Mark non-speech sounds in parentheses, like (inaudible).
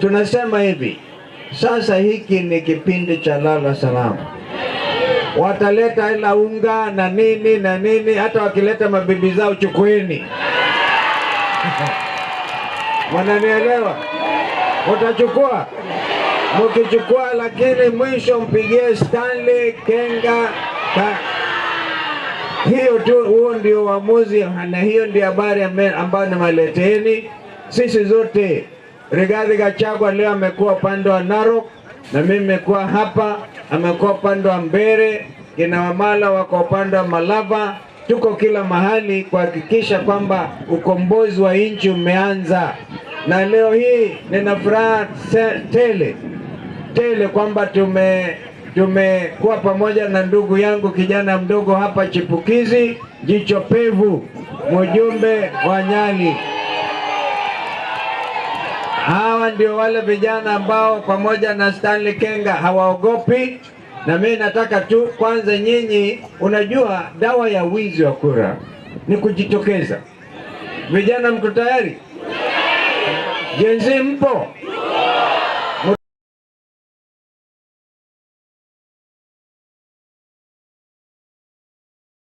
Tunasema hivi sasa, hiki ni kipindi cha lala salama. Wataleta ila unga na nini na nini, hata wakileta mabibi zao chukueni. (laughs) Wananielewa? Utachukua mukichukua, lakini mwisho mpigie Stanley Kenga ka Hiyo tu, huo ndio uamuzi, na hiyo ndio habari ambayo nimeleteni sisi zote Rigathi Gachagua leo amekuwa upande wa Narok na mimi nimekuwa hapa, amekuwa upande wa Mbere, kina Wamala wako upande wa Malava. Tuko kila mahali kuhakikisha kwamba ukombozi wa nchi umeanza, na leo hii nina furaha tele tele kwamba tume tumekuwa pamoja na ndugu yangu kijana mdogo hapa chipukizi, jicho pevu, mjumbe wa Nyali hawa ndio wale vijana ambao pamoja na Stanley Kenga hawaogopi. Na mimi nataka tu kwanza, nyinyi, unajua dawa ya wizi wa kura ni kujitokeza. Vijana mko tayari? Jenzi mpo?